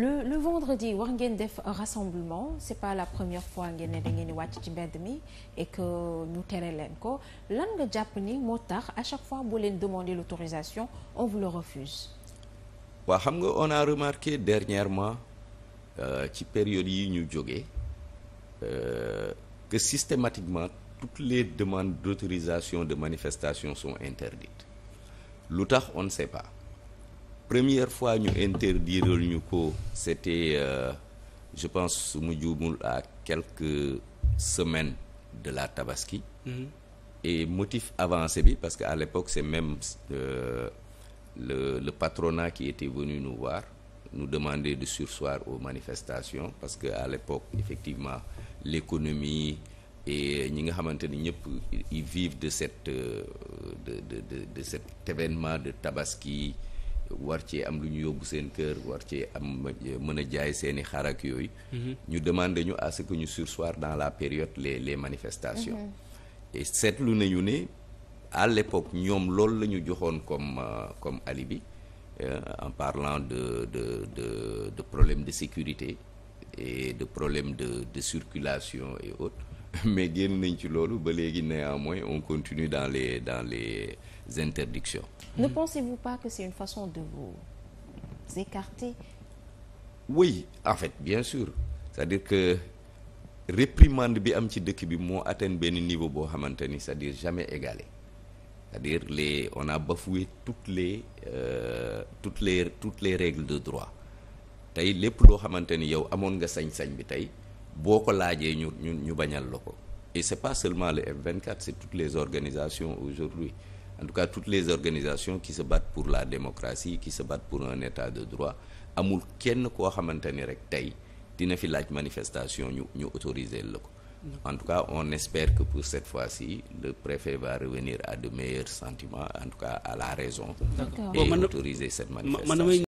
le le vendredi wax ngeen def un rassemblement c'est pas la première fois ngeen ne da ngeen di wàcc ci mbedd mi et que ñu tere leen ko lan nga jàpp ni moo tax a chaque fois boo leen demander l'autorisation on vous le refuse. waa xam nga on a remarqué dernièrement euh, ci période yi ñu jógee euh, que systématiquement toutes les demandes d'autorisation de manifestation sont interdites lu tax on ne sait pas. première fois ñu interdiral ñu ko c'était euh, je pense su ma juumul à quelques semaines de la tabaski mm -hmm. et motif avancé bi parce que à l'époque c'est même euh, le le patronat qui était venu nous voir nous demander de surseoir aux manifestations parce que à l'époque effectivement l'économie et ñi nga xamante ni ñëpp ils de cette euh, de de de de cet événement de tabaski war cee am lu ñu yóbbu seen kër war cee am mën a jaay seen i xar ak yooyu. Mm-hmm. ñu demandé ñu à ce que ñu sursoir dans la période les les manifestations. Mm-hmm. seetlu nañu ni à l'époque ñoom loolu lañu joxoon comme euh, comme alibi euh, en parlant de de de de problème de sécurité et de problème de de circulation et autres. mais génn nañ ci loolu ba léegi néanmoins on continue dans les dans les interdictions. ne pensez-vous pas que c'est une façon de vous écarter? oui en fait bien sur c'est-à-dire que réprimande bi am ci dëkk bi moo atteindre benn niveau boo xamante ni c'est-à-dire jamais égalé c'est-à-dire les on a bafoué toutes les euh, toutes les toutes les règles de droit tey lépp loo xamante ni yow amoon nga sañ-sañ bi tey. boo ko laajee ñu ñu ñu bañal la ko et c'est pas seulement le F24 c'est toutes les organisations aujourd'hui en tout cas toutes les organisations ki se battent pour la démocratie qui se battent pour un état de droit amul kenn koo xamante ni rek tey dina fi laaj manifestation ñu ñu autoriser la ko en tout cas on espère que pour cette fois si le préfet va revenir à de meilleurs sentiments en tout cas à la raison et autoriser cette manifestation